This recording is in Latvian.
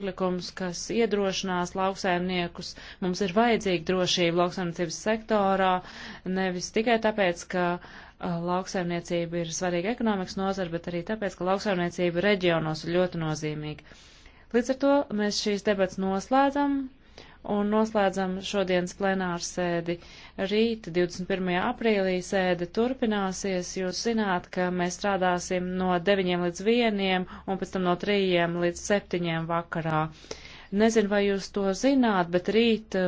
priekšlikums, kas iedrošinās lauksaimniekus. Mums ir vajadzīga drošība lauksaimniecības sektorā, nevis tikai tāpēc, ka uh, lauksaimniecība ir svarīga ekonomikas nozara, bet arī tāpēc, ka lauksaimniecība reģionos ir ļoti nozīmīga. Līdz ar to mēs šīs debats noslēdzam un noslēdzam šodienas plenāru sēdi. Rīt, 21. aprīlī, sēde turpināsies. Jūs zināt, ka mēs strādāsim no 9 līdz 1 un pēc tam no 3 līdz 7 vakarā. Nezinu, vai jūs to zināt, bet rīt.